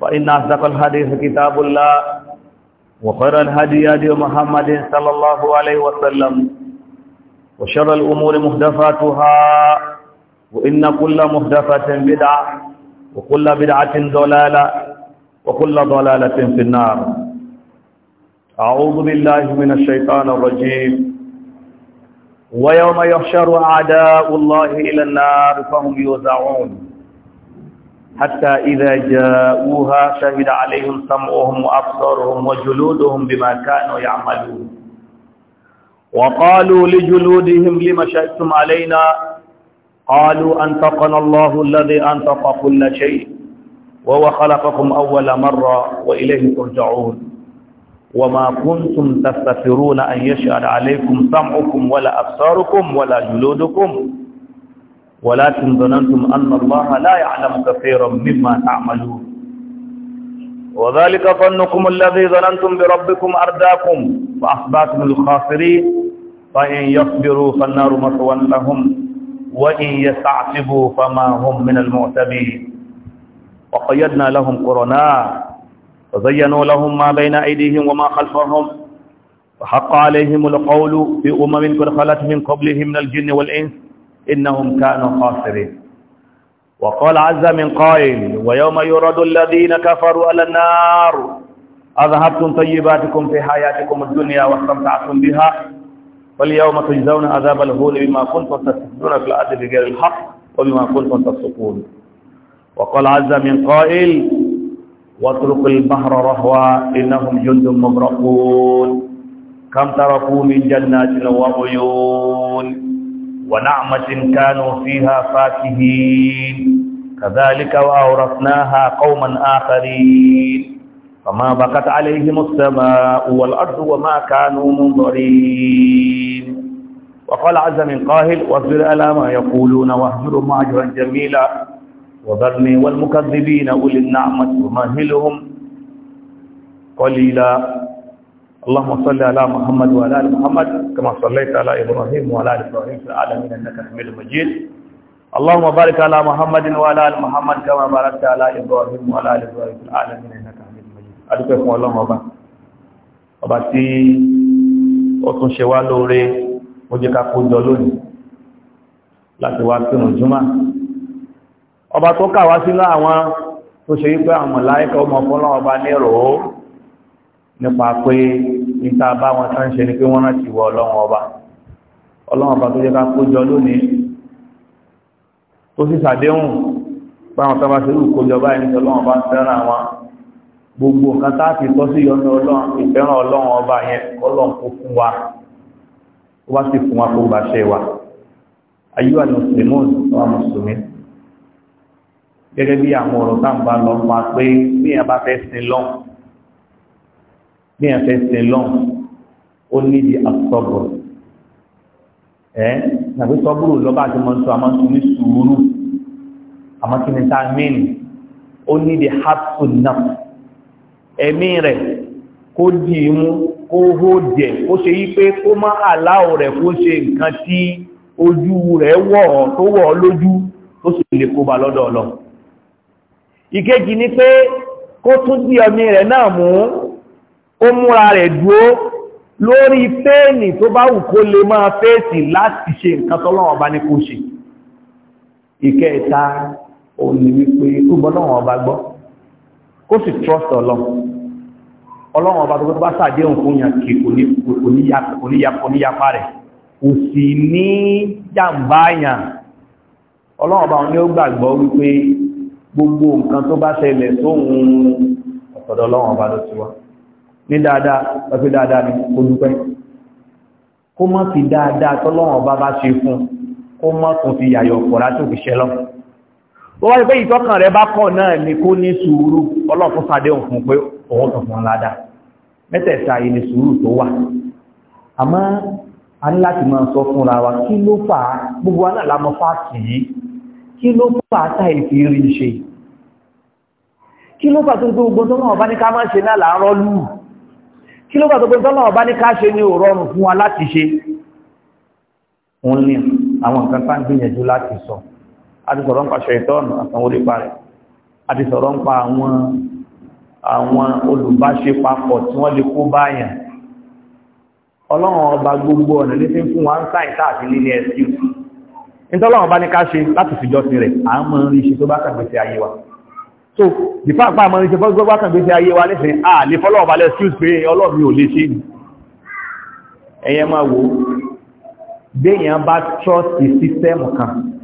فإن أصدق الحديث كتاب الله وخير الهدي هدي محمد صلى الله عليه وسلم وشر الأمور مهدفاتها وإن كل مهدفة بدعة وكل بدعة ضلالة وكل ضلالة في النار أعوذ بالله من الشيطان الرجيم ويوم يحشر أعداء الله إلى النار فهم يوزعون حتى إذا جاءوها شهد عليهم سمعهم وأبصارهم وجلودهم بما كانوا يعملون وقالوا لجلودهم لما شهدتم علينا قالوا أنطقنا الله الذي أنطق كل شيء وهو خلقكم أول مرة وإليه ترجعون وما كنتم تستثرون أن يشهد عليكم سمعكم ولا أبصاركم ولا جلودكم ولكن ظننتم أن الله لا يعلم كثيرا مما تعملون وذلك ظنكم الذي ظننتم بربكم أرداكم فأصبحتم الخاسرين فإن يصبروا فالنار مثوى لهم وإن يستعتبوا فما هم من المعتبين وقيدنا لهم قرناء وزينوا لهم ما بين أيديهم وما خلفهم وحق عليهم القول في أمم قد خلت من قبلهم من الجن والإنس إنهم كانوا خاسرين وقال عز من قائل ويوم يرد الذين كفروا على النار أذهبتم طيباتكم في حياتكم الدنيا واستمتعتم بها فاليوم تجزون عذاب الهول بما كنتم تستفدون في الأرض بغير الحق وبما كنتم تصدقون وقال عز من قائل واترك البحر رهوا إنهم جند مغرقون كم تركوا من جنات وعيون ونعمة كانوا فيها فاكهين كذلك وأورثناها قوما آخرين فما بقت عليهم السماء والأرض وما كانوا منظرين وقال عز من قاهل واصبر على ما يقولون واهجرهم هجرا جميلا وذرني والمكذبين أولي النعمة ومهلهم قليلا اللهم صل على محمد وعلى ال محمد كما صليت على ابراهيم وعلى ال ابراهيم في العالمين انك حميد مجيد اللهم بارك على محمد وعلى ال محمد كما باركت على ابراهيم وعلى ال ابراهيم في العالمين انك حميد مجيد adúpẹ́ اللهم Ọlọ́run ọba ọba tí ó tún ṣe wá lóore ó jẹ́ ká kó jọ lónìí láti wá kírun juma ọba tó kà wá sínú àwọn tó ṣe wípé àwọn mọ̀láíkà ọmọ fún Ọlọ́run ọba ní ìrò nípa pé níta bá wọn tán ṣe ni pé wọ́n rántí wọ ọlọ́run ọba ọlọ́run ọba tó jẹ́ ká kójọ lónìí tó sì sàdéhùn báwọn tó bá ṣe rú kójọ báyìí nítorí ọlọ́run ọba ń fẹ́ràn wọn gbogbo nǹkan tá a fi tọ́ sí yọnu ọlọ́run ìfẹ́ràn ọlọ́run ọba yẹn ọlọ́run kó fún wa ó bá sì fún wa kó bá ṣe wa ayúwà ní mùsùlùmí ọmọ mùsùlùmí gẹ́gẹ́ bí àwọn ọ̀rọ̀ tá ń bá lọ fún pé bí èèyàn bá fẹ́ sin lọ́hùn bí wọn fẹ́ sin lọ́n ó níbi àsọ̀bọ̀ ẹ nàbí sọ́bùrù lọ́ba àti mọ́tò àmọ́ tó ní sùúrù àmọ́ kí ni tá a mìíní ó níbi hapsun náà ẹ̀mí rẹ̀ kó dì í mú kó hó jẹ kó ṣe yí pé kó má àláwọ̀ rẹ̀ kó ṣe nǹkan tí ojú rẹ̀ wọ̀ tó wọ̀ lójú tó sì lè kó ba lọ́dọ̀ ọlọ ni pé kó tún dí ọmí rẹ̀ náà mú ó múra rẹ̀ dúó lórí fẹ́ẹ̀nì tó bá wù kó lè máa fẹ́ẹ̀sì láti ṣe nǹkan tọ́lọ́wọ́ bá ní kó ṣe ìkẹta ò wípé kó gbọ́ ọba gbọ́ kó sì trust ọlọ́run ọlọ́run ọba tó bá sàdéhùn fún yàn kì kò níyapa rẹ̀ kò sì ní jàǹbá yàn ọlọ́run ọba ni ó gbàgbọ́ wípé gbogbo nǹkan tó bá ṣẹlẹ̀ ọ̀tọ̀dọ̀ ọlọ́run ọba ló ní dáadáa lọ́fẹ́ dáadáa ní olùpẹ́ kó mọ́ sí dáadáa tọ́lọ́wọ̀n bá bá ṣe fún kó mọ́ tún fi yàyọ̀ pọ̀lá tó fi ṣẹlọ́ ó wáyé pé ìtọ́kàn rẹ bá kọ̀ náà ni kó ní sùúrù ọlọ́fún sadé òfin pé òun tó fún ládá mẹ́tẹ̀ẹ̀ta yìí ni sùúrù tó wà àmọ́ a ní láti máa sọ fúnra wa kí ló fà á gbogbo aláàlámọ́ fáàkì yìí kí ló fà á táì fi rí ṣe kí ló fà tó gbogbo tó náà bá ní ká kí ló gbàtọ̀ pé tọ́lọ̀ ọba ní ká ṣe ní òrọrùn fún wa láti ṣe òun ní àwọn nǹkan tá ń gbìyànjú láti sọ àti sọ̀rọ̀ ń pa ṣẹ̀tọ́nù àtàwọn olè àti sọ̀rọ̀ ń pa àwọn àwọn olùbáṣe papọ̀ tí wọ́n lè kó báyàn ọlọ́run ọba gbogbo ọ̀nà ní fi ń fún wa ń sáì táàfi nílé ẹ̀sìn nítọ́lọ́run so the fact pa ma nse fo gbogbo kan gbese ayé wa lesin a le follow ba le excuse pé Ọlọ́run mi ò lè ṣe ni eye ma wo be yan ba trust the system kan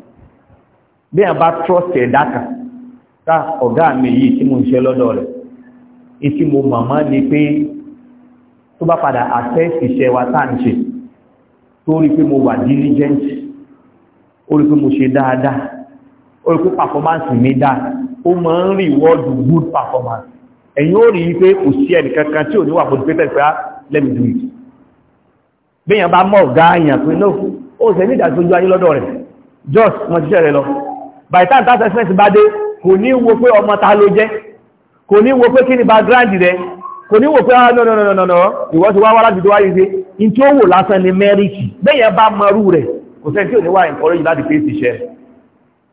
be yan ba trust ẹ̀dá kan ta ọ̀gá mi yìí tí mo nse lọ́dọ̀ rẹ̀ iti mo mama ní pé tó bá padà access iṣẹ́ wa tá nse tó rí pé mo wà diligent ó rí pé mo ṣe dáadáa ó rí pé performance mi ó máa ń reward good performance ẹ̀yin ó rí pé kò sí ẹnìkankan tí ò ní wà pé ah, let me do it bíyàn bá mọ̀ ọ̀gá àyàn pé no ó ṣe ní ìdásójú ayé lọ́dọ̀ rẹ̀ just wọn ṣiṣẹ́ rẹ̀ lọ by time tax expense bá dé kò ní wo pé ọmọ ta ló jẹ́ kò ní wo pé kí ni background rẹ̀ kò ní wò pé ah no no no no no ìwọ ti wá wá láti tó wáyé sí in tí ó wò lásán ni mẹ́rìkì bẹ́yẹn bá mọrú rẹ̀ kò sẹ́ tí ò ní encourage láti face iṣẹ́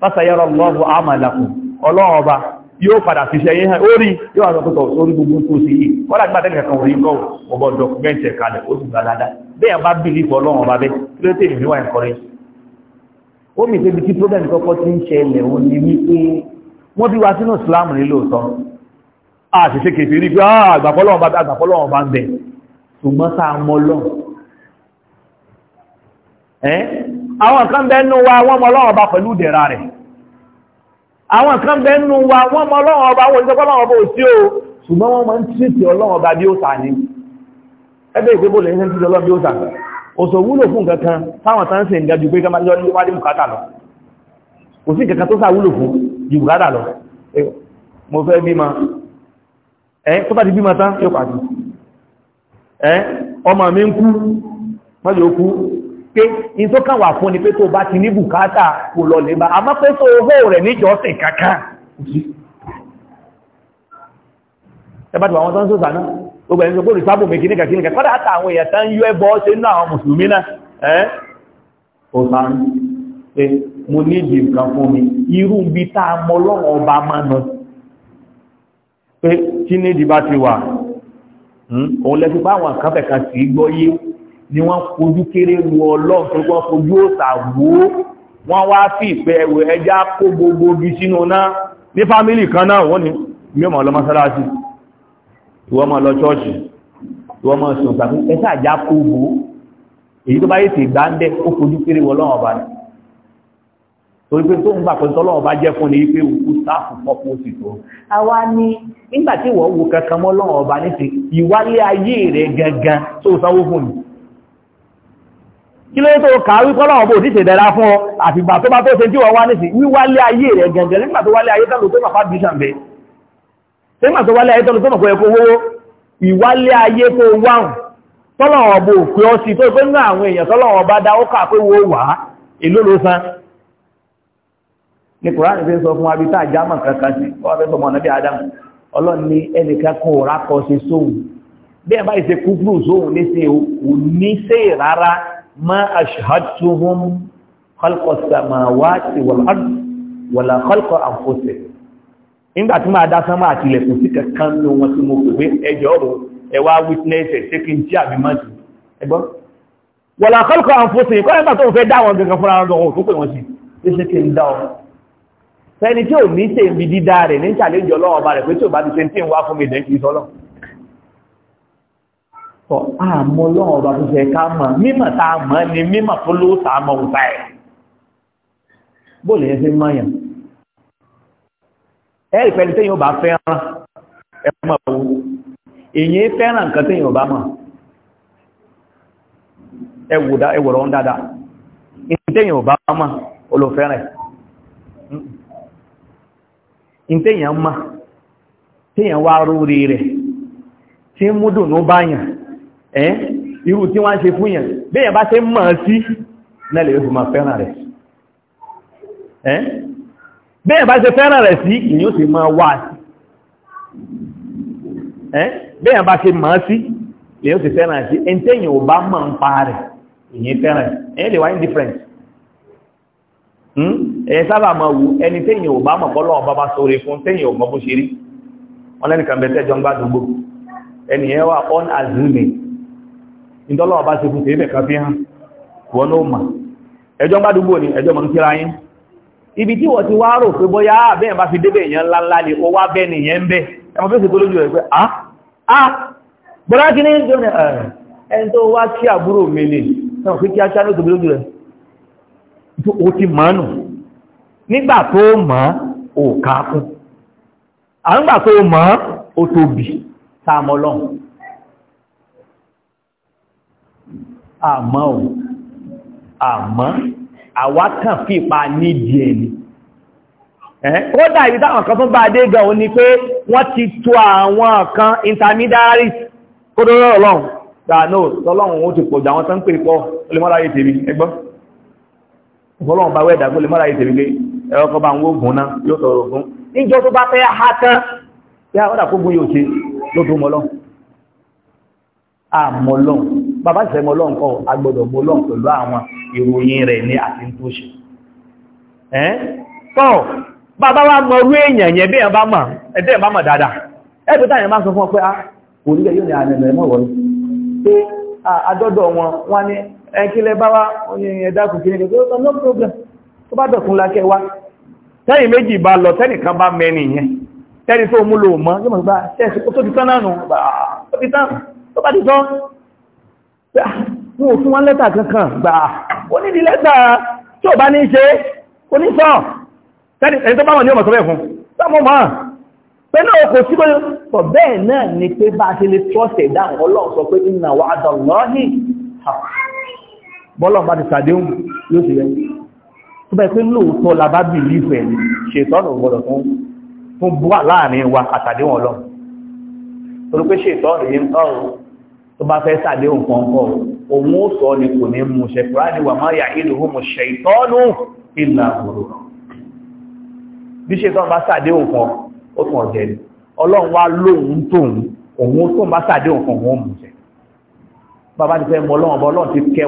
fásayẹ́rọ lọ́wọ́ àmàlàkù ọlọ́ọba yóò padà fi ṣe yíhàn orí yóò àtọ́kùtọ̀ orí gbogbo tó sí yìí kọ́lá gbádẹ́ nìkan orí kọ́ ọmọ dọkumẹ́ntì kalẹ̀ ó sì gbàdádá bẹ́ẹ̀ bá bìlì fọ́ ọlọ́run ọba bẹ́ kí ló tèmi níwà ẹ̀kọ́rẹ́ ó problem kọ́kọ́ ti ń ṣẹlẹ̀ ó ní wípé wọ́n bí wa sínú Islam ní lóòótọ́ a sì ṣe kèfì rí pé ah, àgbàfọ́lọ́run ọba àgbàfọ́lọ́run ọba ń bẹ̀ àwọn kan bẹ́nu wa wọ́n mọ Ọlọ́run ọba pẹ̀lú ìdẹ̀ra rẹ̀ àwọn kan bẹ́nu wa wọ́n mọ Ọlọ́run ọba wọ́n ìjọpọ̀ Ọlọ́run ọba ò sí o ṣùgbọ́n wọ́n mọ́ ń tìtì Ọlọ́run ọba bí ó sà ní ẹgbẹ́ ìgbébò lè ń tìtì Ọlọ́run bí ó sà òṣò wúlò fún kankan táwọn tán sì ń ga jù pé kọ́mọ́ yọ ní wádìí bùkátà lọ kò sí kankan tó sà wúlò fún jù bùkátà lọ mo fẹ́ bímọ ẹ tó bá ti bímọ tán yóò pàdé ẹ ọmọ mi ń kú mọ́jọ́ kú pé in tó kàn wà fún ni pé tó bá ti ní bùkátà kò lọ lè bá a mọ́ pé tó owó rẹ̀ níjọsìn kankan ẹbájú àwọn tó ń sọ́sà náà gbogbo ẹni tó rìsábò mé kìníkà kìníkà kọ́dá àtà àwọn èèyàn tán yú ẹbọ ṣe ní àwọn mùsùlùmí náà ẹ́ ó sàn pé mo ní ìdí bá ti wà hmm? òun lẹ́sùn àwọn kan kan sì gbọ́ yé ni wọ́n fojú kéré wu ọlọ́run tó kọ́ fojú òsà wó wọ́n wá sí ìpẹ́ ẹ̀wò ẹja kó gbogbo bí sínú náà ní fámílì kan náà wọ́n ni mímọ̀ lọ mọ́sálásí ìwọ́n mọ́ lọ ṣọ́ọ̀ṣì ìwọ́n mọ́ sùn tàbí ẹsẹ́ àjá kó gbó èyí tó bá yé ti gbá ń bẹ́ ó fojú kéré wọ ọlọ́run ọba ni torí pé tó ń gbà pẹ̀lú ọlọ́run ọba jẹ́ fún ni pé òkú sáàfù pọ́pọ́ sì tó àwa ni nígbà wọ́n wo kankan mọ́ ọlọ́run ọba ní ti ìwálé ayé rẹ̀ gangan tó sanwó fún mi kí ló tó kàáwí pọ́lọ́wọ́ bó díṣe dẹ̀ra fún ọ àfìgbà tó bá tó ṣe tí wọ́n wá nísì wíwálé ayé rẹ̀ gẹ̀ǹgẹ̀ nígbà tó wálé ayé tọ́lù tó mọ̀ fàbíṣàn bẹ̀ nígbà tó wálé ayé tọ́lù tó mọ̀ kọ́ ẹkọ́ owó ìwálé ayé tó wáhùn tọ́lọ̀wọ́ bó pé ọ sí tó pé ní àwọn èèyàn tọ́lọ̀wọ́ bá dá ó kà pé wo wà á èló ló san ní ما أشهدتهم خلق السماوات والأرض ولا خلق أنفسهم nígbà tí máa dá sánmà àti ilẹ̀kùn sí kankan ní wọn tí mo kò pé ẹjọ́ ọ̀rọ̀ ẹwà witness ẹ̀ṣẹ́kí tí àbí máa jù ẹgbọ́n wọ̀lá kọ́lùkọ́ àǹfóṣe ìkọ́ ẹgbà tó ń fẹ́ dáwọn gẹ́gẹ́ fúnra ọdún tó pè wọ́n sí ẹṣẹ́kí ń dá ọ̀rọ̀ fẹ́ni tí ò ní ṣe ibi dídá rẹ̀ ní ṣàlẹ́jọ́ lọ́wọ́ bá rẹ̀ pé tí ò bá ti ṣe tí ń wá fún mi dẹ́kì sọ́lọ́ a àmọ́ lọ́wọ́ ọba tó fẹ́ ká mọ̀ mímọ̀ a mọ̀ ni mímọ̀ tó ló sá ya. òta ẹ̀ ya yẹn fi mọ̀yàn ẹ̀ ìfẹ́ni tẹ́yìn ọba fẹ́ràn ẹ̀ mọ̀ owó èyí fẹ́ràn nǹkan tẹ́yìn ọba mọ̀ ẹ ya mma, ya ẹ́n irú tí wọ́n ń ṣe fún yẹn bẹ́yẹn bá ṣe mọ̀ sí nẹ́lẹ̀ yóò fi máa fẹ́ràn rẹ̀ ẹ́n bẹ́yẹn bá ṣe fẹ́ràn rẹ̀ sí ìyí ó sì máa wà sí ẹ́n bẹ́yẹn bá ṣe mọ̀ sí lè ó sì fẹ́ràn sí ẹn tẹ́yìn ò bá mọ̀ ń pa rẹ̀ ìyí fẹ́ràn ẹ̀ lè wá indifferent hmm? ẹ̀yẹ sábà máa wù ẹni tẹ́yìn ò bá mọ̀ kọ́lọ́ ọba bá sóre fún tẹ́yìn ò mọ̀ bó ṣe rí wọ́n lẹ́nìkan bẹ̀tẹ́jọ ń gbádùgbò ẹni ẹ wà on assuming ìdọ́lọ́wọ́ bá ṣe fún tèébẹ̀ kan fi hàn wọ́n ló mà ẹjọ́ bá dúgbò ní ẹjọ́ mọ̀ kíra yín ibi tí wọ́n ti wá rò pé bóyá bẹ́ẹ̀ bá fi débẹ̀ èèyàn ńláńlá ni ó wá bẹ́ẹ̀ nìyẹn bẹ́ ẹmọ fèsì tó lójú rẹ̀ pé ah ah bọ́lá kí ní eh, ẹni tó wá kí àbúrò mi ni náà fi kí aṣá ló tóbi lójú rẹ̀ tó o ti àmọ́ ò àmọ́ àwákàn fípa nídìí ẹni ó dàbí táwọn kan tún bá dé gan o ni pé wọ́n ti tó àwọn kan intermediaries kó tó rọrọ̀ lọ́hùn dáadọ́ tọ́lọ́hùn ó ti pọ̀jù àwọn tán pè pọ̀ ó lè mọ́láyé tèmi ẹgbọ́ ọlọ́run bá wẹ́dà kó lè mọ́láyé tèmi pé ẹ̀rọ kan bá ń wógun náà yóò tọrọ ogun níjọ tó bá fẹ́ ha tán yá ọ́dà kó gún bàbá ṣe mọ́ lọ́nkọ́ agbọ́dọ̀ mọ́ lọ́n pẹ̀lú àwọn ìròyìn rẹ̀ ní àti tó ṣe ẹ́n tọ́ bàbá wa mọ̀ orú èèyàn yẹn bí ẹ̀ bá mọ̀ ẹ̀dẹ́ bá mọ̀ dáadáa ẹ̀bí táyẹ̀ máa sọ fún ọ pé a ah, kò ní yóò ní àmì ẹ̀mọ́ wọ́n pé àdọ́dọ̀ ah, wọn wọ́n ní ẹkílẹ̀ bá wá ẹ̀dákù kí ní kí oh, no problem tó bá dọ̀kún lákẹ́ wá tẹ́yìn méjì bá lọ tẹ́nìkan bá mẹ́rin yẹn tẹ́ni tó mú lò mọ́ wọn ah, ò fún wọn lẹ́tà kankan gbà ó ní di lẹ́tà tí ò bá ní ṣe ó ní sọ ẹni tó bá wọn ní ọmọ sọ́bẹ̀ fún sọ́mọ́ mọ́ pẹ̀lú ọkọ̀ sí pé pọ̀ bẹ́ẹ̀ náà ni pé bá a ṣe lè trọ́sẹ̀ dáhùn ọlọ́run sọ pé inna wa'da Allahi bọ́lọ̀ bá ti sàdéhùn yóò sì rẹ̀ tó bẹ́ẹ̀ pé lóòótọ́ la bá bìí ìfẹ́ ni ṣètọ́nù gbọ́dọ̀ wà tó bá fẹ́ sàdé òǹkọ̀ǹkọ̀ òun ó sọ ní kò ní mú ṣe kùránì wà máa yà ìlú homo ṣe ìtọ́nù ìlà òrò bí ṣe tán bá sàdé òǹkan ó tún ọ̀jẹ̀ ni ọlọ́run wá lóhun tóhun òun tó bá sàdé òǹkan wọn mú ṣe bàbá ti fẹ́ mọ ọlọ́run ọba ọlọ́run àwọn okọ̀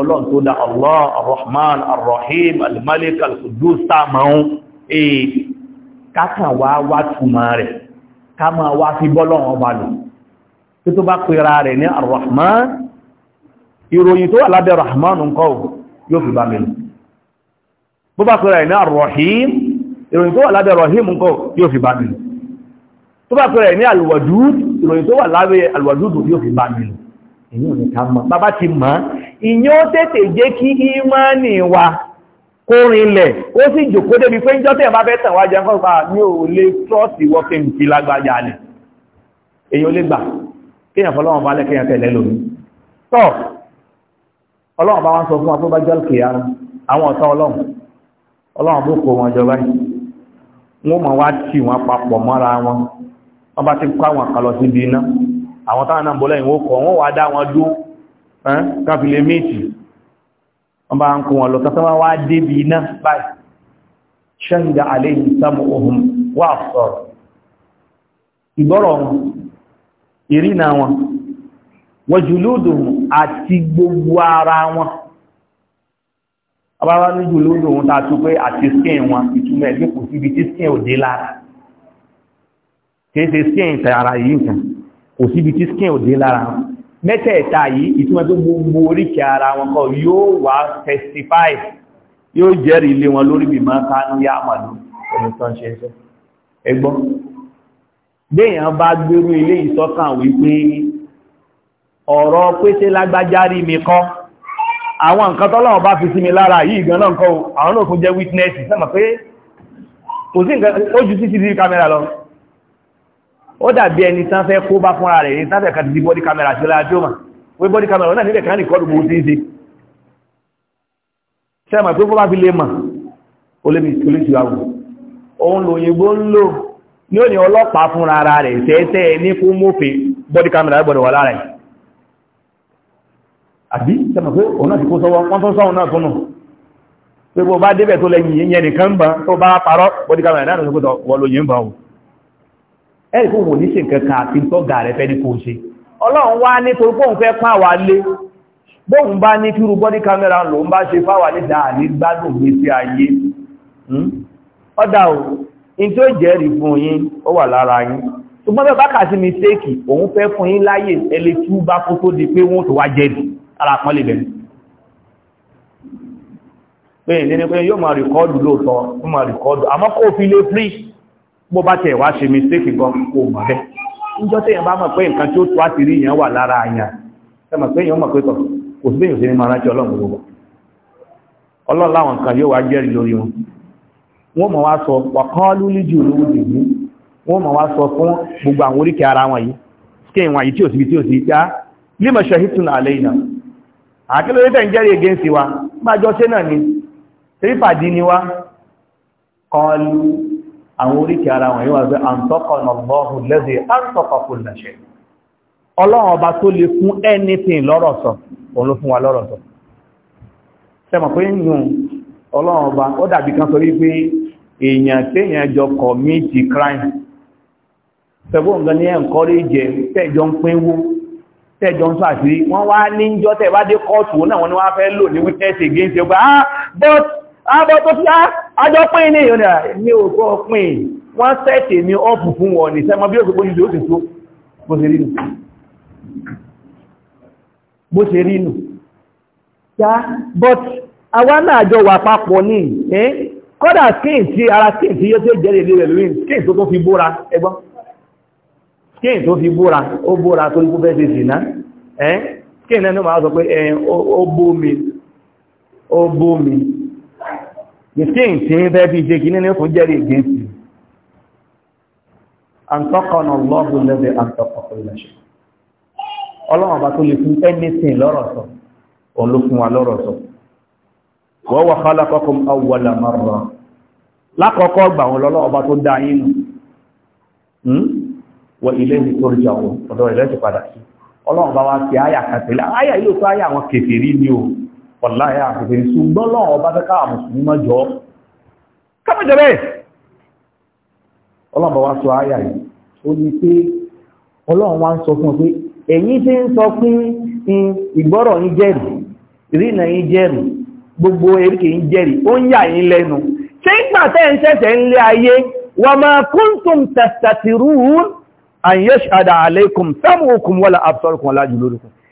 ọlọ́run tó dá Allah Ar-Rahman Ar-Rahim Al-Malik Al-Qudus táàmà kákàn wá wá túmọ̀ rẹ̀ ká máa wá fi bọ́lọ́wọ́n bá lò tí tó bá pèrà rẹ̀ ní arrahman ìròyìn tó wà lábẹ́ rahman nǹkan ò yóò fi bá mẹ́lú bó bá pèrà rẹ̀ ní arrahim ìròyìn tó wà lábẹ́ rahim nǹkan ò yóò fi bá mẹ́lú tó bá pèrà rẹ̀ ní alwadud ìròyìn tó wà lábẹ́ alwadud yóò fi bá mẹ́lú èyí ò kó rinlẹ̀ ó sì jòkó débi pé ń jọ́ tẹ́ bá fẹ́ tàn wájẹ́ fún ọ̀pá ní ò lè trọ́ọ̀tì wọ́pẹ́ mìtì lágbàjá nì èyí ò lè gbà kíyàn fọlọ́wọ́n bá lẹ́ kíyàn tẹ̀lẹ́ lómi tọ́ ọlọ́wọ́n bá wọ́n sọ fún apọ́bá jọ́lùkì ara àwọn ọ̀tá ọlọ́wọ́n ọlọ́wọ́n bó kó wọn jọba wọ́n mọ̀ wá tì wọn papọ̀ mọ́ra wọn wọ́n bá ti kọ́ àwọn àkàlọ́ síbi iná àwọn táwọn náà bọ́lẹ́yìn wọ́n kọ̀ wọ́n wá dá wọn dúró káfílẹ̀ wọ́n bá ń kó wọn lọ tọ́tọ́wà wá débi iná báyìí ṣẹ́ǹdà àléyìn sámù ohun wà sọ̀rọ̀ ìgbọ́rọ̀ wọn ìrìnà wọn wọ́jùlódò àti gbogbo ara wọn abáwá ní jùlódò wọn ta tó pé àti skin wọn ìtumọ̀ ẹgbẹ́ kò síbi tí skin ò dé lára kìí ṣe skin tààrà yìí nǹkan kò síbi tí skin ò dé lára wọn mẹ́tẹ̀ẹ̀ta yìí ìtumọ̀ tó gbogbo oríkì ara wọn kọ yóò wá testify yóò jẹ́rì ilé wọn lórí bí máa kánú yá àmàlú ọ̀rẹ́sánṣẹ́ṣẹ́ ẹgbọ́n déèyàn bá gbérú ilé ìsọ́kàn wípé ọ̀rọ̀ pèsè lágbájárí mi kọ́ àwọn nǹkan tọ́lọ́wọ́ bá fi sí mi lára yìí gan nǹkan àwọn náà jẹ́ witness sẹ́mọ̀ pé kò sí nǹkan ó ju CCTV camera lọ ó dàbí ẹni tán fẹ́ kó bá fúnra rẹ̀ ní tánfẹ́ kàtí sí bọ́dí kamẹ́rà sí láàájú mà wé bọ́dí kamẹ́rà náà nílẹ̀ kan ní kọ́dù gbogbo tííṣe sẹ́mà tó fọ́ bá fi lè mà ó lè fi olóṣù àwò òun lòyìnbó ń lò ní òní ọlọ́pàá fúnra ara rẹ̀ tẹ́ẹ̀tẹ́ ní kó mọ́fẹ́ bọ́dí kamẹ́rà gbọ́dọ̀ wà lára rẹ̀ àbí sẹ́mà pé òun náà ti kó sọ́wọ́ wọ́n tó sọ́hun náà túnù pé bó bá débẹ̀ tó lẹ́yìn ìyẹn nìkan ń bá tó bá parọ́ bọ́dí kamẹ́rà náà ló sọ́kòtò wọ́n lòyìn bá wọn ẹ̀rì fún òun ní ṣe nǹkan kan àti tọ́gà rẹ̀ fẹ́ ní kò ṣe ọlọ́run wá ní torí pé òun fẹ́ pán àwà lé bóun bá ní kírú bọ́dí kámẹ́rà lò ń bá ṣe fáwà ní dáa ní gbádùn gbé sí ayé hmm? ọ̀dà ò in tí ó jẹ́rìí fún yín ó wà lára yín ṣùgbọ́n bẹ́ẹ̀ bá kà sí mistake òun fẹ́ fún yín láyè ẹlẹ́ tí ó bá kó tó di pé wọ́n tó wá jẹ́rìí ara pọ́n ni pé yóò máa rìkọ́dù lóòótọ́ yóò máa rìkọ́dù àmọ́ kó fi lé free bó bá tẹ̀ wá ṣe mistake gan kò mọ̀ bẹ́ níjọ́ tẹ̀yàn bá mọ̀ pé nǹkan tí ó tó wà lára àyàn ẹ pé èèyàn mọ̀ pé tọ̀ kò sí bẹ́yìn òṣèré máa rántí ọlọ́run gbogbo ọlọ́run láwọn yóò wá jẹ́rìí lórí wọn wọ́n mọ̀ wá sọ sọ fún gbogbo àwọn ara wọn yìí skin wọn yìí tí ò tí ò sí já límọ̀ àwọn oríkì ara wọn yíwa pé àǹtọ́kọ̀nà lọ́hùn lẹ́sẹ̀ àǹtọ́kọ̀kù lẹ́sẹ̀ ọlọ́run ọba tó lè fún anything lọ́rọ̀ sọ òun ló fún wa lọ́rọ̀ sọ sẹ́mọ̀ pé nù ọlọ́run ọba ó dàbí kan sọ wípé èèyàn téèyàn jọ commit crime sẹ́gbọ́n nǹkan ní encourage tẹ́jọ ń pín wó tẹ́jọ ń sàṣírí wọ́n wá níjọ́ tẹ́ bá dé kóòtù náà wọ́n ni wọ́n fẹ́ lò ní witness against you ah, but àbọ̀ tó fi àjọ pín ní ìyọ̀nà ní òkú ọpín wọ́n sẹ́ẹ̀tì ní ọ́pù fún wọn ní sẹ́mọ́ bí òṣùpọ̀ nílò òsì tó bó ṣe rínú bó ṣe rínú ya but àwa náà jọ wà papọ̀ ní kọ́dà skin tí ara skin tí yóò tó skin fi ó ìsìn tí ń bẹ́ bí i ṣe kìí ní fún jẹ́rì gẹ́ẹ̀sì àǹtọ́kọ̀nà lọ́bù lẹ́bẹ̀ àǹtọ́kọ̀kọ̀ ìlàṣẹ́ ọlọ́run ọba tó lè fún anything lọ́rọ̀ sọ òun ló fún wa lọ́rọ̀ sọ wọ́n wà khalaqakum ilé ní tó rí àwọn ọ̀dọ́ ìlẹ́sìn padà sí ọlọ́run ọba wa ti áyà kàtẹ́lẹ̀ yóò tó áyà àwọn kèfèrí ni o wọ̀láyé àkùnfèrè ṣùgbọ́n lọ́wọ́ ọba fẹ́ káà mùsùlùmí mọ́ jọ kámẹ́jọ bẹ́ẹ̀ ọlọ́run bá wá sọ ayà yìí ó ní pé ọlọ́run wá ń sọ fún ọ pé ẹ̀yin tí ń sọ pé ìgbọ́rọ̀ yín jẹ́rì ìrìnà yín jẹ́rì gbogbo eríkè yín jẹ́rì ó ń yà yín lẹ́nu ṣé ń gbà tẹ́ ń ṣẹ̀ṣẹ̀ ń lé ayé wa ma kuntum tastatirun an yashhada alaykum sam'ukum wala absarukum wala juludukum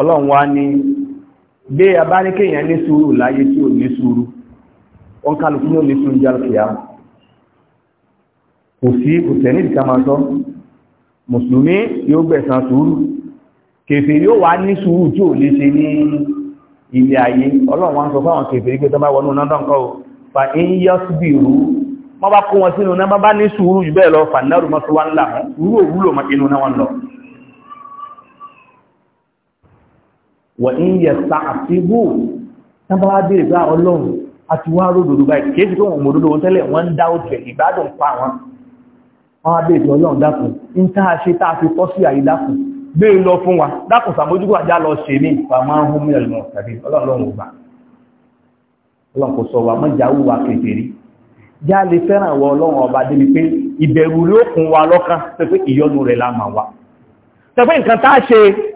ọlọ́run wá ní gbé abáníkèyàn ní sùúrù láyé tí ò ní sùúrù wọ́n kálùkú ló ní sùúrù jálùkìá kò sí kò tẹ̀ní ìdíkà máa sọ mùsùlùmí yóò gbẹ̀san sùúrù kèfè yóò wá ní sùúrù tí ò lè ṣe ní ilé ayé ọlọ́run wá ń sọ fáwọn kèfè fa in yasbiru wọ́n bá kó wọn sínú náà bá wọ̀ ń yẹ sàásìbò tábà wá bèèrè bá ah, ọlọ́run àti wá ròdòdó báyìí kìí sí pé wọn mòdòdó wọn tẹ́lẹ̀ wọ́n ń dá òtù ẹ̀ ìgbádùn pa wọn wọ́n á bèèrè ọlọ́run dákun ń tá a ṣe tá a fi kọ́ sí àyè dákun gbé e lọ fún wa dákun sàmójúkú àjá lọ ṣe ní ìfàmà ọhún mílẹ̀ lọ tàbí ọlọ́run ọgbà ọlọ́run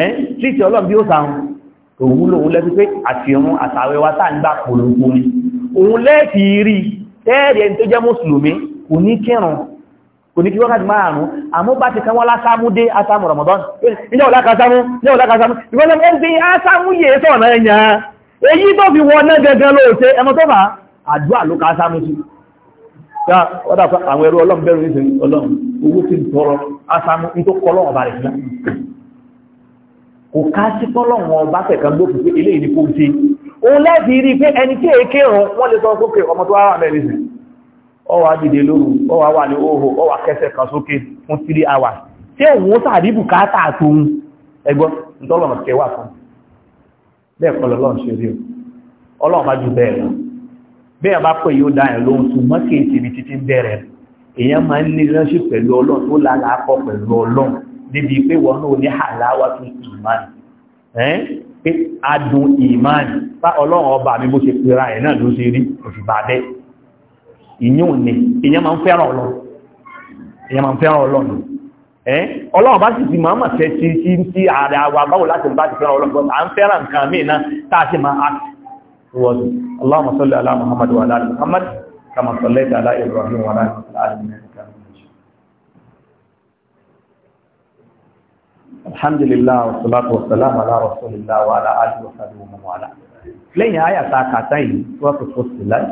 ẹ́n tríti ọlọ́run bí ó sàrùn òun lòun lẹ́bí pé àti ọmọ àtàwẹ̀ wa tàà ń gbà pòlòpò ni òun lẹ́ẹ̀fì rí tẹ́ẹ̀rì ẹni tó jẹ́ mùsùlùmí kò ní kírun kò ní kí wákàtí márùn-ún àmọ́ bá ti kánwọ́lá sámú dé ásámù Ramadan ìjẹ́ òláka sámú ìjẹ́ òláka sámú ìwọ́n lọ́wọ́ ń fi ásámú yìí sọ̀rọ̀ ẹ̀yà èyí tó fi wọ́n náà gẹ́gẹ́ ló ṣe ẹmọ tó bá àdúrà ló ká sámú sí àwọn ẹrú ọlọ́run bẹ̀rù ní ọlọ́run owó ti ń tọrọ ásámú ní tó kọ́ lọ́wọ́ bá rẹ̀ sílá kò ká sí pọ́lọ́wọ́n ọba kẹ̀kẹ́ gbófin pé ilé ìdíkò ṣe òun láti rí pé ẹni tí èké rọ wọ́n lè sọ sókè ọmọ tó wà mẹ́rin sí ọwà dìde lóru ọwà wà ní oòrùn ọwà kẹsẹ̀ kan sókè fún 3 hours tí òun sàrí bùkátà tó ń ẹgbọ́ ìtọ́lọ̀nà kẹwàá fún bẹ́ẹ̀ kọ́ lọ́lọ́run ṣe rí ọlọ́run bá ju bẹ́ẹ̀ lọ bẹ́ẹ̀ bá pè yóò dáyẹ̀ lóhun tún mọ́kè ìtìrì títí bẹ̀rẹ̀ èèyàn máa ń ní ránṣẹ́ pẹ̀lú ọlọ́run tó lálàá pọ̀ pẹ̀lú ọlọ́run débi pé wọ́n náà ní àláwà tún ìmáàni ẹ́n pé adùn ìmáàni bá ọlọ́run ọba mi bó ṣe pèrà ẹ̀ náà ló ṣe rí òṣùbà bẹ́ ìyún ni èyàn máa ń fẹ́ràn ọlọ́run ẹ́n ọlọ́run bá sì ti máa mọ̀ fẹ́ sí sí sí ààrẹ àwà báwo láti bá ti fẹ́ràn ọlọ́run à ń fẹ́ràn nǹkan míì náà tá a Allahumma salli ala Muhammad wa ala ali Muhammad kama sallaita ala Ibrahim wa ala ali Ibrahim alhamdulillah wa salatu wa salam ala rasulillah wa ala alihi wa sahbihi wa mawala lẹ́yìn àyà tá a kà tá yìí tí wọ́n fi fò sí láì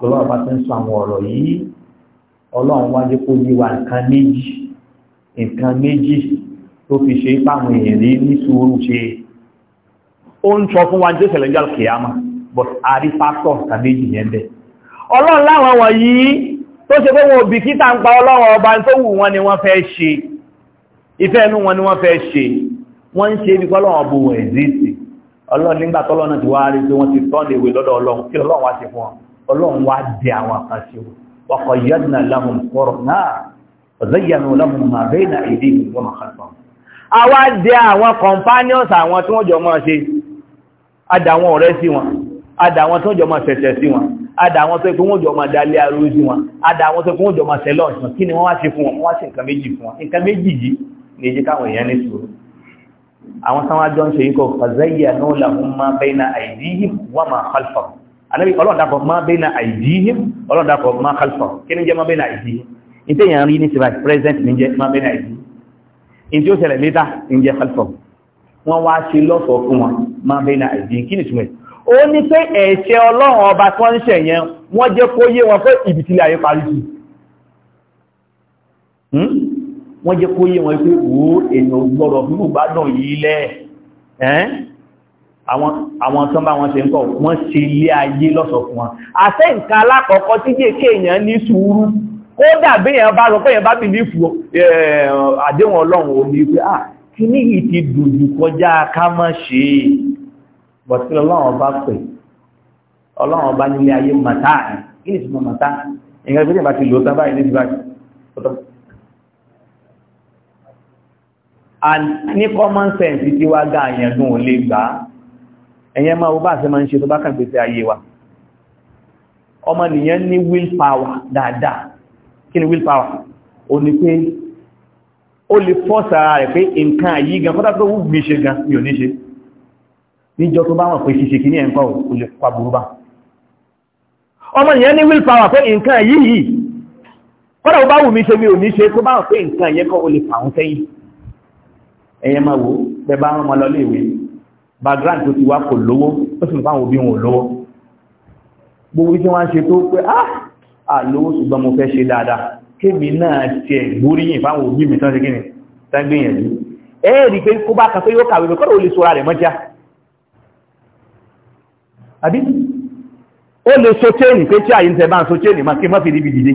lọ́wọ́ bá ti ń sọ àwọn ọ̀rọ̀ yìí ọlọ́run wájú kó yí wa nǹkan méjì nǹkan méjì tó fi ṣe páwọn èèyàn ní ní sùúrù ṣe ó ń sọ fún wa jẹ́ ìṣẹ̀lẹ̀ ìjọ kìyàmá but a rí pásítọ̀ nǹkan méjì yẹn bẹ́ẹ̀ ọlọ́run láwọn wọ̀nyí tó ṣe pé wọn ò bìkítà ń pa ọlọ́run ọba tó wù wọn ni wọ́n fẹ́ ṣe ìfẹ́ inú wọn ni wọ́n fẹ́ ṣe wọ́n ń ṣe ibi pọ́lọ́wọ́n bò wọ̀ ẹ̀zíìsì ọlọ́run nígbà tọ́lọ́nà ti wá rí pé wọ́n ti tọ́ léwe lọ́dọ̀ ọlọ́run kí ọlọ́run wá ti fún wọn ọlọ́run àwọn àkànṣe wọkọ̀ companions àwọn tí wọ́n jọ máa ṣe adà àwọn ọ̀rẹ́ sí wọn adà àwọn tí wọ́n jọ máa ṣẹ̀ṣẹ̀ sí wọn adà àwọn tó kí wọ́n jọ wọn jọ máa ṣẹlọ́ọ̀ṣùn kí ni wọ́n wá ṣe fún wọn wọ́n wá ṣe nǹkan méjì fún wọn nǹkan méjì yìí ní jẹ́ káwọn èèyàn ní sùúrù àwọn tán wájọ́ ń ṣe yíkọ̀ fàzẹ́yà náà làwọn máa bẹ́ẹ̀nà àìdíhìm wà máa khalfa anábí ọlọ́dàpọ̀ máa bẹ́ẹ̀nà àìdíhìm ọlọ́dàpọ̀ máa khalfa kí ní jẹ́ máa bẹ́ẹ̀nà àìdíhìm ìtẹ́ rí ní ti right present ní jẹ́ máa bẹ́ẹ̀nà àìdíhìm in tí ó ṣẹlẹ̀ later ní jẹ́ khalfa wọ́n wá ṣe lọ́sọ̀ fún wọn máa bẹ́ẹ̀nà àìdíhìm kí ni túmọ̀ ó ní pé ẹ̀ṣẹ̀ ọlọ́run ọba wọ́n jẹ́ kó yé wọn pé wò èèyàn gbọ́rọ̀ fún ìgbádùn yìí lẹ́ àwọn tán bá wọn ṣe ń kọ́ wọ́n ṣe ilé ayé lọ́sọ̀ fún wọn àṣẹ́ nǹkan alákọ̀ọ́kọ́ tí jẹ́kẹ́ èèyàn ní sùúrù kódà bí èèyàn bá rọ pé èèyàn bá bì ní fún àdéhùn ọlọ́run ò ní pé ah kí ní yìí ti dùdù kọjá ká mọ́ ṣe bọ̀tí ọlọ́run bá pè ọlọ́run bá nílé ayé màtá kí ní ìtumọ̀ màtá ìgbàgbé tí ìbá ti ní common sense tí wá gá àyẹ̀dùn ò lè gbà ẹ̀yẹn máa wọ́n bá ṣe máa ń ṣe tó bá kàgbèsè ayé wa ọmọ nìyẹn ní will power dáadáa kí ni will power o ní pé ó lè force ara rẹ̀ pé nǹkan àyí gan kọ́dá tó wù mí ṣe gan mi ò ní níjọ tó bá wọ̀n pé ṣíṣe kí ní ẹ̀ǹkọ́ ò lè pa burú bá ọmọ nìyẹn ní will power pé nǹkan àyí yìí kọ́dá tó bá wù mí ṣe mi ò ní tó bá wọ̀n pé nǹkan àyẹ́kọ́ ò lè fà sẹ́yìn ẹ̀yẹ máa wò pẹ bá rán ọmọ lọ lé ìwé background tó ti wá kò lówó ó sì fáwọn òbí wọn ò lówó gbogbo tí wọ́n ṣe tó pé ah àlówó ṣùgbọ́n mo fẹ́ ṣe dáadáa kébì náà ti ẹ̀ gbóríyìn fáwọn òbí mi tán ṣe kí ni tán gbìyànjú ẹ rí i pé kó bá kan pé yóò kàwé pé kọ́dọ̀ ó lè sora rẹ̀ mọ́já àbí ó lè so chéènì pé tí àyíntẹ bá ń so chéènì máa kí mọ́ fi ríbi dìde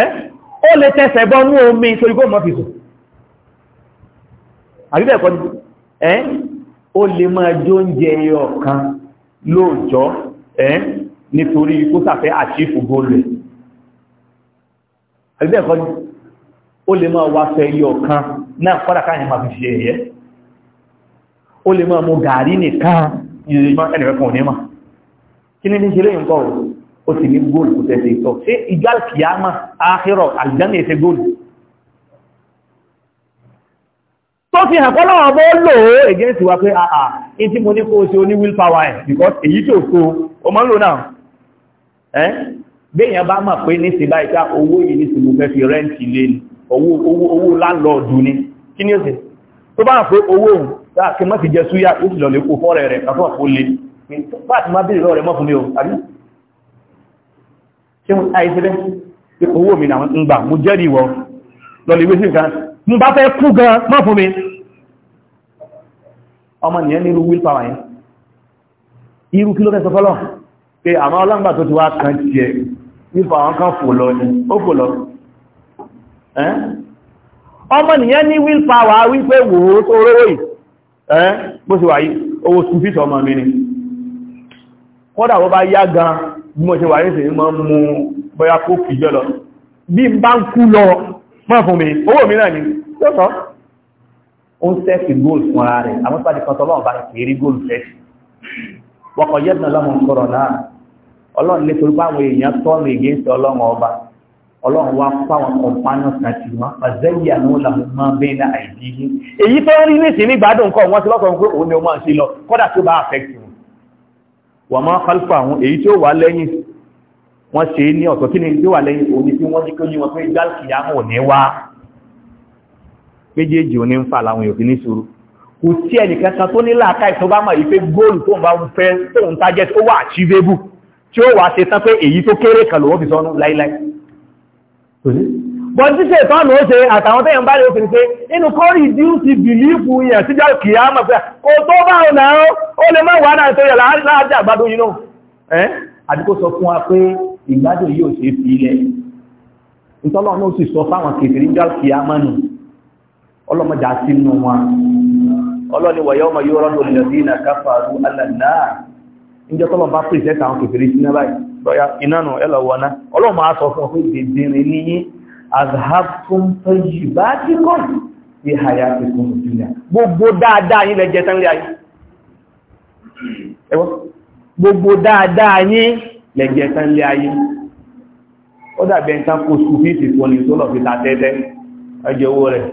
ẹ́ ó lè bọ́ mú omi torí kó àbíbẹ̀ kọ́ ní ẹ́ ó lè máa jó oúnjẹ ẹyọ kan lóòjọ́ ẹ́ nítorí kó sàfẹ́ àṣífù gólẹ̀ àbíbẹ̀ kọ́ ní ó lè máa wáṣọ ẹyọ kan náà kọ́dà káyẹ̀ máa fi ṣe ẹ̀yẹ́ ó lè máa mú gàárì nìkan ìrìnmọ́ ẹnìkẹ́kùn tó fi hàn kọ́lọ̀ ọmọ lò ó against wa pé àà ah, in ah, tí mo ní kó o ṣe o ní will power ẹ̀ because èyí tí ó kó o mọ́ lò náà ẹ́ béèyàn bá mọ̀ pé ní síbá ìta ah, owó yìí ní sí mo fẹ́ fi rẹ́ǹtì lé ní owó owó láńlọ́ọ̀dù ni kí ni ó sì tó bá pé owó òun kí mọ́ ti jẹ súyà ó sì lọ lè kó fọ́rẹ̀ rẹ̀ kàtọ́ àpò le pàtí má bèèrè rẹ̀ mọ́ fún mi o àbí ṣé mo àìsí bẹ́ẹ̀ owó mi náà ń gbà mo jẹ́rìí wọ lọ lè mo bá fẹ́ kú gan mọ́ fún mi ọmọ nìyẹn nínú will power yẹn irú kí ló fẹ́ sọ fọ́lọ́ pé àmọ́ ọlọ́gbà tó ti wá kan ti ẹ̀ will power kan fò lọ ní ó fò lọ ọmọ nìyẹn ní will power wípé wò ó tó rówó yìí bó ṣe wà yìí owó sùfíìsì ọmọ mi ni kódà wọ́n bá yá gan bí ṣe wà ní ìsìn mọ́ mú bóyá kó kìí jọ lọ bí n bá ń kú lọ mọ́ fún mi owó mi ni yóò sọ ó ń sẹ́ẹ̀kì góòlù fún ara rẹ̀ àwọn ìpàdé kan tọ́lọ́wọ́n bá kì í rí góòlù sẹ́ẹ̀kì wọ́kọ̀ yẹ́dùn ọlọ́run sọ̀rọ̀ náà ọlọ́run lè torí báwọn èèyàn tọ́nu ìgbésẹ̀ ọlọ́run ọba ọlọ́run wá fáwọn kọ̀ǹpánù kàtì wọn pàzẹ́yì àná làwọn máa bẹ́ẹ̀ náà àìdí yìí èyí tó ń rí ní ìsinmi gbádùn nǹkan wọn ti lọ́kọ̀ọ́ pé òun ni ó máa ṣe lọ kọ́dà tó bá àfẹ́kì wọn wọ́n máa kálífà àwọn èyí tó wà lẹ́yìn wọ́n ṣe é ní ọ̀tọ̀ kí ni tó wà lẹ́yìn òun ni tí wọ́n ní kí ó yí wọn pé gbálùkì àmọ́ ò ní wá méjèèjì ò ní ń fà láwọn èèyàn fi ní sùúrù kò sí ẹnìkan kan tó ní làákàyè tó bá mọ̀ yìí pé góòlù tó ń bá fẹ́ tó ń target ó wà achievable tí ó wà ṣe tán pé èyí tó kéré kan lòun fi sọnù láíláí bọ́n tí ṣe ìtọ́nù ó ṣe àtàwọn tẹ́yàn bá lè ó fi pé inú kọ́ rí díú ti bìlífù yẹn síjá kì á mọ̀ pé kò tó bá ò náà ó lè mọ́ wà náà tó yẹ láàájá àgbàdo yìí náà ẹ́ àdíkò sọ fún wa pé ìgbádùn yóò ṣe fi ilẹ̀ ìtọ́lọ́ náà sì sọ fáwọn kèfèrí á mọ́ nù ọlọ́mọdé àti inú wọn ọlọ́ni wọ̀yọ́ ọmọ yóò rọ́dọ̀ lẹ́dínà káfàrú alànà ìjẹ́ tọ́lọ̀ bá pèsè àwọn kèfèrè sí náà báyìí ìnánu ẹlọ́wọ́ná ọlọ́mọ aṣọ fún ọkọ̀ ìdèdèrè ní yí azhabtum tayyibatikum fi hayatikum dunya gbogbo dáadáa yín lẹ́jẹ́ tán lé ayé gbogbo dáadáa yín lẹ́jẹ́ tán lé ayé ó dàbẹ̀ nǹkan kó owó rẹ̀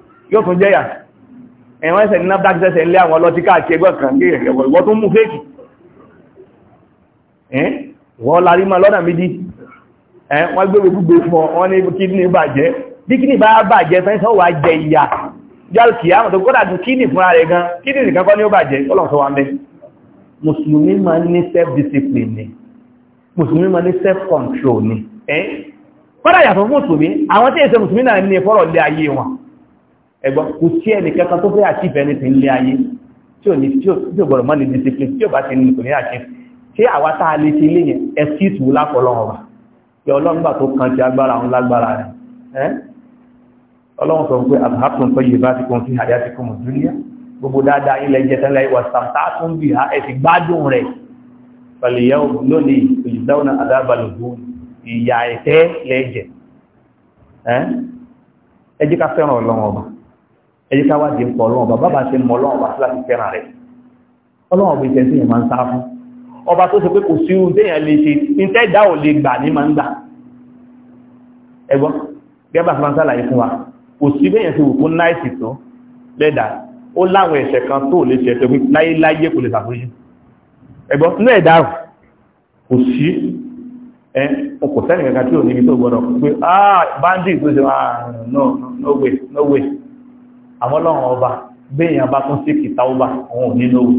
yóò tún jẹ́yà ẹ̀wọ́n ẹsẹ̀ ní NAFDAC sẹ́sẹ̀ ilé àwọn ọlọ́tí káàkiri ẹgbẹ́ kan ní ẹ̀wọ̀ ìwọ́ tó mú fèkì wọ́n larí ma lọ́nà méjì wọ́n gbé gbogbo fún wọn ní kídìní bàjẹ́ bí kídìní bá bàjẹ́ fẹ́sán wà jẹ ìyà jálùkì àmọ̀ tó kọ́dà tún kídìní fúnra rẹ̀ gan kídìní kankan ní ó bàjẹ́ ọlọ́sọ wa mẹ́ mùsùlùmí ma ní self discipline ni mùsùlùmí ma ní self control ni kọ́dà yàtọ̀ fún mùsùlùmí àwọn tí èsẹ̀ mùsùlùmí náà ní fọ́rọ̀ lé ayé wọn ẹgbọ́n kò sí ẹnìkẹta tó fẹ́ àti ìfẹ́ ní ti ń lé ayé tí ò ní tí ò gbọ́dọ̀ mọ́ ní discipline tí ò bá ti ní kò ní àṣẹ ṣé àwa tá a lè ṣe ilé yẹn excuse wù láfọlọ́run wa yọ ọlọ́ngbà tó kan ti agbára òun lágbára rẹ̀ ọlọ́run sọ pé àbáhàtún tó yìí bá ti kún sí àyà ti kún mọ̀ dúníà gbogbo dáadáa ilẹ̀ jẹ tẹ́lẹ̀ ìwà sàmtà tó ń bì á ẹ̀sìn gbádùn rẹ̀ pẹ̀lẹ́yẹ lónìí òyìnbáwọn adábalògbò ìyà ẹ̀tẹ́ lẹ́jẹ̀ ẹ jẹ́ ká fẹ́ràn ọlọ́run ọba ẹ̀yí ká wájì ń pọ̀ ọlọ́run bàbá bá ṣe mọ ọlọ́run bá sí láti fẹ́ràn rẹ̀ ọlọ́run bí ṣe tíyàn máa ń sá fún ọba tó ṣe pé kò sí ohun téèyàn lè ṣe níta ìdá ò lè gbà ní máa ń gbà ẹgbọ́n gẹ́gbà fún ṣàlàyé fún wa kò sí béèyàn ṣe wù fún náìsì tó lẹ́dà ó láwọn ẹ̀ṣẹ̀ kan tó lè ṣe ẹ̀ṣẹ̀ láyé láyé kò lè ṣàforíjì ẹgbọ́n inú ẹ̀dá kò sí ẹ kò sẹ́nì kankan tí ò níbi tó gbọ́dọ̀ pé ah bandit tó ṣe ah no no àwọn ọlọ́run ọba gbéyàn bá tún sí kìtà ọba nínú òun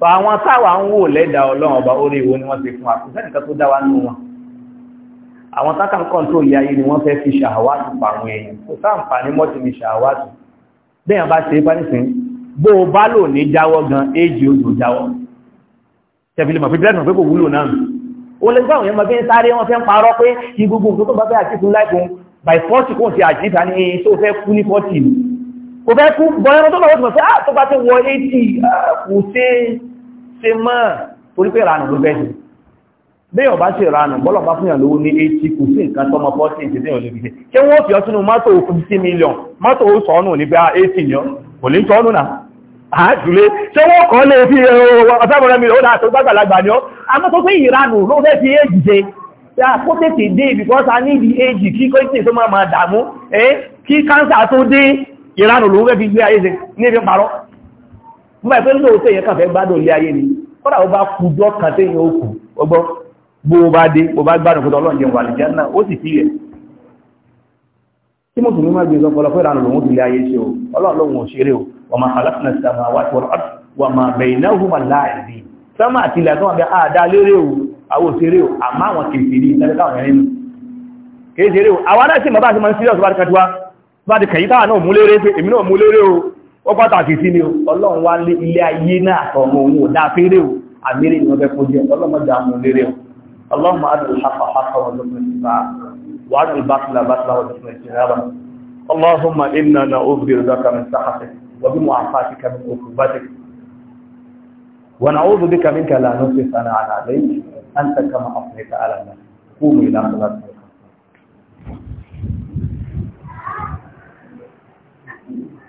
tọ àwọn táwà ń wò lẹ́dà ọlọ́run ọba orí ìwò ni wọ́n ti fún àkùsẹ́nìkan tó dá wa nínú wọn àwọn tákà ń kọ́ńtò yìí ni wọ́n fẹ́ fi ṣàwátù pàrún èèyàn kò sáǹfààní mọ́ ti fi ṣàwátù bẹ́yàn bá ṣe pánísìn bó o bá lò ní jáwọ́ gan éjì odò jáwọ́ tẹ̀fìlì mọ̀ pípẹ́ mọ̀ pé kò wúlò náà o lè gbáwọn yẹn mọ̀ pé ń sáré wọn fẹ́ ń parọ́ pé igbogbo by forty kò sí àjíǹta ní tó fẹ́ kú ní forty ni kò fẹ́ kú bọ́yánà tó lọ́wọ́ tó fẹ́ ah, tó bá tó wọ eighty ah, kò ṣe ṣe mọ́ torí pé ìranù ló fẹ́ ṣe béèyàn bá ṣe ìranù bọ́lọ̀ bá fún yàn lówó ní eighty kò sí nǹkan tọmọ forty ṣe tí yàn lè fi ṣe ṣé wọ́n fi ọtún mọ́tò fifty million mọ́tò sọ́nù ní pé ah, eighty ni kò ní sọ́nù náà àádùlé ṣé wọ́n kọ́ lè fi eh, ọ̀sán mọ́rẹ́mi ó dà tó gbàgbàlagbà ni ó àmọ́ tó pé ìranù ló fẹ́ fi éjì ṣe yà kó tètè dé because a need the age kí kó tètè tó máa máa dàmú ẹ́ kí káńsà tó dé ìranù ló rẹ́ fi gbé ayé ṣe ní ibi parọ́ mọ́ ìpé ló tẹ́ yẹn kàn fẹ́ gbádùn ilé ayé ni kọ́dà ó bá kú jọ kàn tẹ́ yẹn ó kù ọgbọ́ bó bá dé bó bá gbádùn kó tọ́lọ́ jẹun àlùjá náà ó sì sílẹ̀ tí mo sì ní máa gbé ìsọpọlọ fẹ́ ìranù lòun ìlé ayé ṣe o ọlọ́run lòun ò ṣeré o ọmọ àlàfínà sàmà wà tí wọ́n wà máa bẹ̀yìn náà hùwà láàrin bí sọ́mà àti ilẹ̀ àtọ́wọ̀n bí àdá lérè o àwọn òṣèré o àmá àwọn kèfèrí ìtẹ́lẹ́káwọn ẹ̀rin kéèṣèré o àwọn náà sí mọ̀ bá ti mọ̀ sí ọ̀sọ̀ bá ti kàtíwá bá ti kẹ̀yí táwà náà mú léré pé èmi náà mú léré o ó pàtàkì sí ni o ọlọ́run wá lé ilé ayé náà àtọ̀mọ̀ òun ò dáa fẹ́rẹ́ o اللهم إنا نعوذ برضاك من سخطك وبمعافاتك من عقوبتك ونعوذ بك منك لا أنا على عليك anta kama afnita ala nafsi qumu ila salati